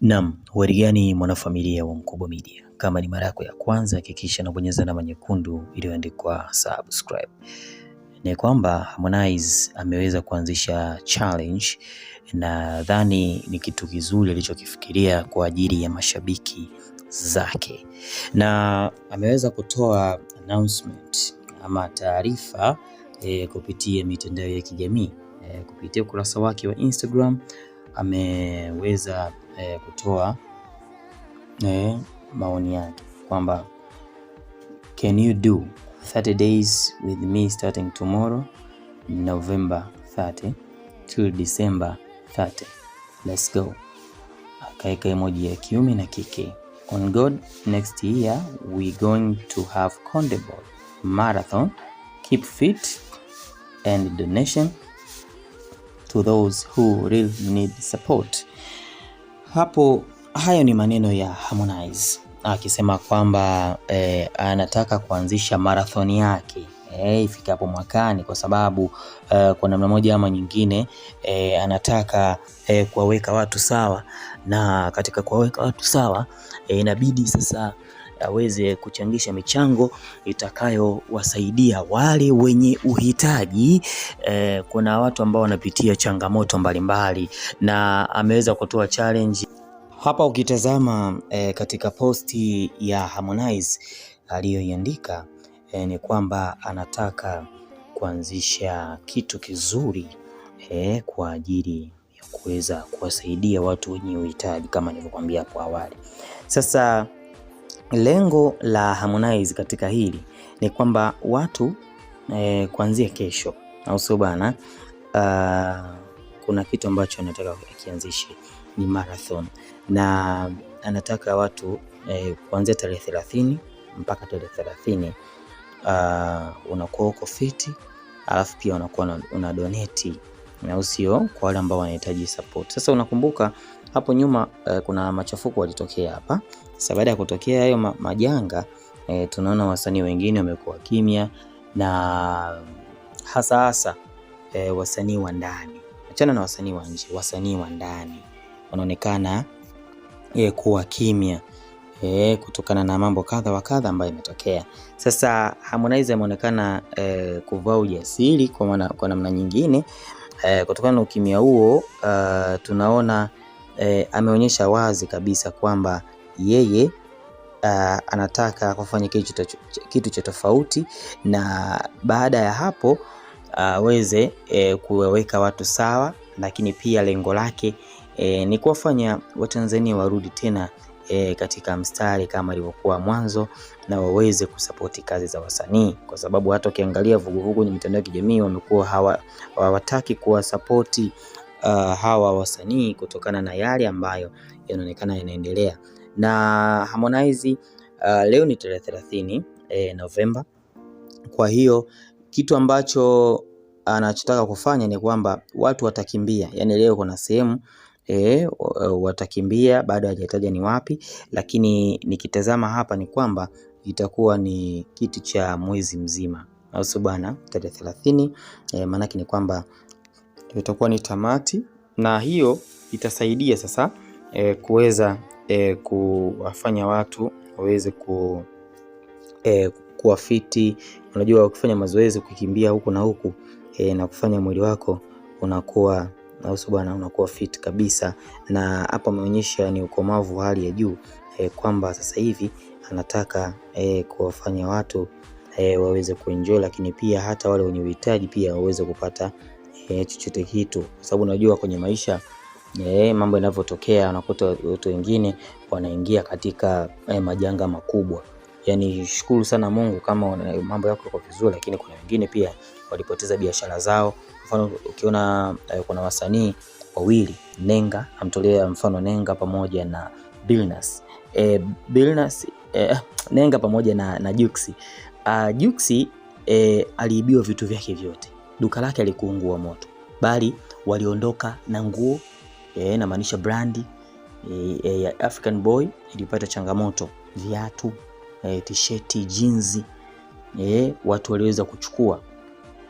Naam, habari gani mwanafamilia wa Mkubwa Media? Kama ni mara yako ya kwanza hakikisha unabonyeza alama nyekundu iliyoandikwa subscribe. Ni kwamba Harmonize ameweza kuanzisha challenge, nadhani ni kitu kizuri alichokifikiria kwa ajili ya mashabiki zake, na ameweza kutoa announcement ama taarifa e, kupitia mitandao ya kijamii e, kupitia ukurasa wake wa Instagram ameweza eh, kutoa eh, maoni yake kwamba can you do 30 days with me starting tomorrow November 30 to December 30 let's go. Akaeka emoji ya kiume na kike. On God next year we going to have Kondebold marathon keep fit and donation to those who really need support. Hapo hayo ni maneno ya Harmonize akisema kwamba eh, anataka kuanzisha marathoni yake eh, ifikapo mwakani kwa sababu eh, kwa namna moja ama nyingine eh, anataka eh, kuwaweka watu sawa, na katika kuwaweka watu sawa eh, inabidi sasa aweze kuchangisha michango itakayowasaidia wale wenye uhitaji eh. Kuna watu ambao wanapitia changamoto mbalimbali mbali, na ameweza kutoa challenge hapa ukitazama eh, katika posti ya Harmonize aliyoiandika eh, ni kwamba anataka kuanzisha kitu kizuri eh, kwa ajili ya kuweza kuwasaidia watu wenye uhitaji kama nilivyokuambia hapo awali. Sasa Lengo la Harmonize katika hili ni kwamba watu e, kuanzia kesho, au sio bana? Ah, kuna kitu ambacho anataka akianzishi ni marathon, na anataka watu e, kuanzia tarehe thelathini mpaka tarehe thelathini ah, unakuwa uko fiti, alafu pia unakuwa una donate na usio kwa wale ambao wanahitaji support. Sasa unakumbuka hapo nyuma uh, kuna machafuko yalitokea hapa sasa baada ya kutokea hayo majanga e, tunaona wasanii wengine wamekuwa kimya na hasa hasa e, wasanii wa ndani, achana na wasanii wa nje, wasanii wa ndani wanaonekana e, kuwa kimya e, kutokana na mambo kadha wa kadha ambayo imetokea. Sasa Harmonize ameonekana e, kuvaa ujasiri kwa maana kwa namna nyingine e, kutokana na ukimya huo, e, tunaona e, ameonyesha wazi kabisa kwamba yeye Uh, anataka kufanya kitu, kitu cha tofauti na baada ya hapo ah, aweze uh, eh, kuwaweka watu sawa, lakini pia lengo lake eh, ni kuwafanya Watanzania warudi tena eh, katika mstari kama ilivyokuwa mwanzo na waweze kusapoti kazi za wasanii, kwa sababu hata ukiangalia vuguvugu kwenye mitandao ya kijamii wamekuwa hawataki hawa kuwasapoti uh, ah, hawa wasanii kutokana na yale ambayo yanaonekana yanaendelea na Harmonize uh, leo ni tarehe thelathini eh, Novemba. Kwa hiyo kitu ambacho anachotaka kufanya ni kwamba watu watakimbia, yani leo kuna sehemu E, watakimbia bado hajataja ni wapi, lakini nikitazama hapa ni kwamba itakuwa ni kitu cha mwezi mzima, ausu bana bwana? Tarehe thelathini, eh, maanake ni kwamba itakuwa ni tamati, na hiyo itasaidia sasa e, kuweza eh, kuwafanya watu waweze ku eh, kuwa fiti. Unajua, ukifanya mazoezi kukimbia huku na huku e, na kufanya mwili wako unakuwa nausu bwana, unakuwa fit kabisa. Na hapa ameonyesha ni ukomavu wa hali ya juu e, kwamba sasa hivi anataka e, kuwafanya watu e, waweze kuenjoy, lakini pia hata wale wenye uhitaji pia waweze kupata e, chochote kitu, kwa sababu unajua kwenye maisha e, mambo yanavyotokea, unakuta watu wengine wanaingia katika e, majanga makubwa. Yani shukuru sana Mungu kama mambo yako yako vizuri, lakini kuna wengine pia walipoteza biashara zao. Mfano ukiona e, kuna wasanii wawili Nenga, amtolea mfano Nenga pamoja na Billnass E, Billnass e, Nenga pamoja na, na Juksi uh, ah, Juksi e, aliibiwa vitu vyake vyote, duka lake alikuungua moto, bali waliondoka na nguo e, eh, namaanisha brandi e, eh, e, eh, ya African Boy ilipata changamoto. Viatu, e, tisheti, jinzi e, watu waliweza kuchukua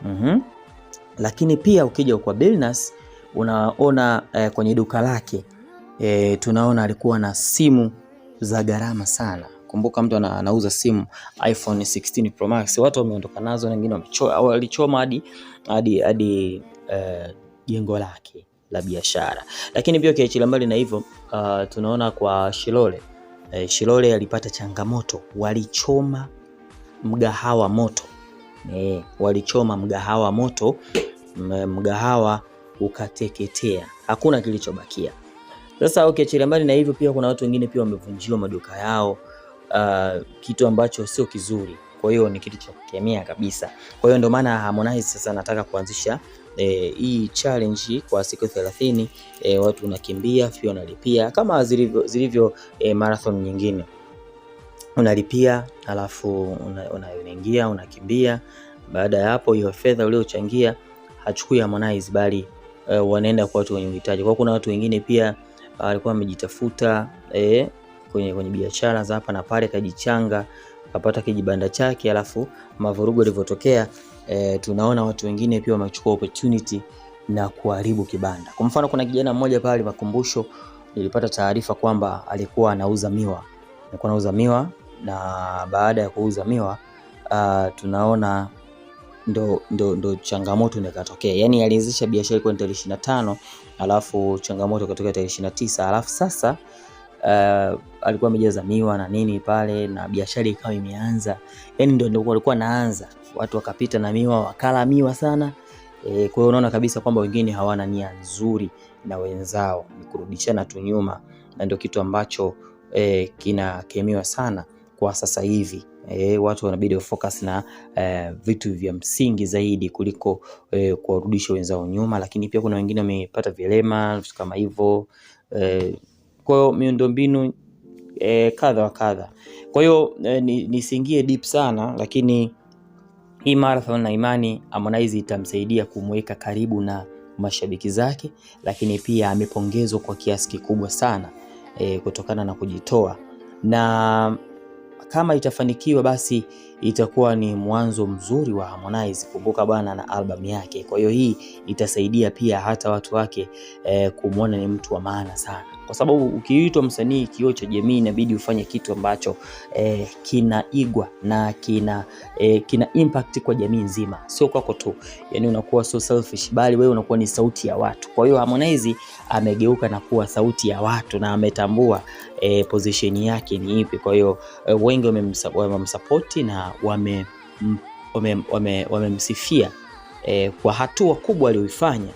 mm -hmm. Lakini pia ukija kwa Billnas unaona e, kwenye duka lake e, tunaona alikuwa na simu za gharama sana. Kumbuka mtu anauza simu iPhone 16 Pro Max, watu wameondoka nazo, wengine walichoma hadi hadi jengo lake la biashara. Lakini pia ukiachilia mbali na hivyo, uh, tunaona kwa Shilole eh, Shilole alipata changamoto, walichoma mgahawa moto eh, walichoma mgahawa moto, mgahawa ukateketea, hakuna kilichobakia. Sasa ukiachilia mbali na hivyo, pia kuna watu wengine pia wamevunjiwa maduka yao, uh, kitu ambacho sio kizuri. Kwa hiyo ni kitu cha kukemea kabisa. Kwa hiyo ndio maana Harmonize sasa anataka kuanzisha e, hii challenge kwa siku 30 e, watu unakimbia pia unalipia kama zilivyo, zilivyo e, marathon nyingine unalipia alafu unaingia una, unakimbia. Baada ya hapo hiyo fedha uliochangia hachukui Harmonize, bali e, wanaenda kwa watu wenye uhitaji. Kwa kuna watu wengine pia walikuwa wamejitafuta e, kwenye, kwenye biashara za hapa na pale, kajichanga kapata kijibanda chake, alafu mavurugu yalivyotokea e, tunaona watu wengine pia wamechukua opportunity na kuharibu kibanda. Kwa mfano, kuna kijana mmoja pale Makumbusho, nilipata taarifa kwamba alikuwa anauza miwa, alikuwa anauza miwa na baada ya kuuza miwa uh, tunaona ndo, ndo, ndo changamoto ndo ikatokea. Yaani alianzisha biashara ilikuwa ni tarehe tano alafu changamoto ikatokea tarehe 29 alafu sasa uh, alikuwa amejazamiwa na nini pale na biashara ikawa imeanza. Yani ndio ndio walikuwa naanza, watu wakapita na miwa wakala miwa sana e, kwa hiyo unaona kabisa kwamba wengine hawana nia nzuri na wenzao, ni kurudishana tu nyuma, na ndio kitu ambacho e, kinakemewa sana kwa sasa hivi. E, watu wanabidi focus na e, vitu vya msingi zaidi kuliko e, kuwarudisha wenzao nyuma, lakini pia kuna wengine wamepata vilema vitu kama hivyo e, kwa hiyo miundombinu e, kadha wa kadha. Kwa hiyo e, nisingie deep sana, lakini hii marathon na imani amonaizi itamsaidia kumweka karibu na mashabiki zake, lakini pia amepongezwa kwa kiasi kikubwa sana e, kutokana na kujitoa na kama itafanikiwa basi itakuwa ni mwanzo mzuri wa Harmonize. Kumbuka bwana, na albamu yake. Kwa hiyo hii itasaidia pia hata watu wake e, kumwona ni mtu wa maana sana kwa sababu ukiitwa msanii kioo cha jamii, inabidi ufanye kitu ambacho eh, kinaigwa na kina, eh, kina impact kwa jamii nzima, sio kwako tu. Yani unakuwa so selfish, bali wewe unakuwa ni sauti ya watu. Kwa hiyo Harmonize amegeuka na kuwa sauti ya watu na ametambua eh, position yake ni ipi. Kwa hiyo eh, wengi wamemsupport na wame wamemsifia wame, wame eh, kwa hatua kubwa aliyoifanya.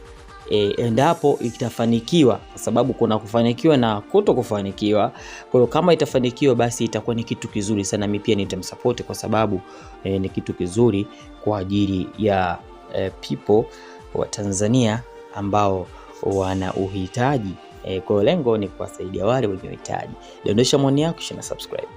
E, endapo itafanikiwa, kwa sababu kuna kufanikiwa na kuto kufanikiwa. Kwa hiyo kama itafanikiwa, basi itakuwa ni kitu kizuri sana. Mimi pia nitamsupport kwa sababu e, ni kitu kizuri kwa ajili ya e, people wa Tanzania ambao wana uhitaji. E, kwa lengo ni kuwasaidia wale wenye uhitaji. Dondosha maoni yako kisha na subscribe.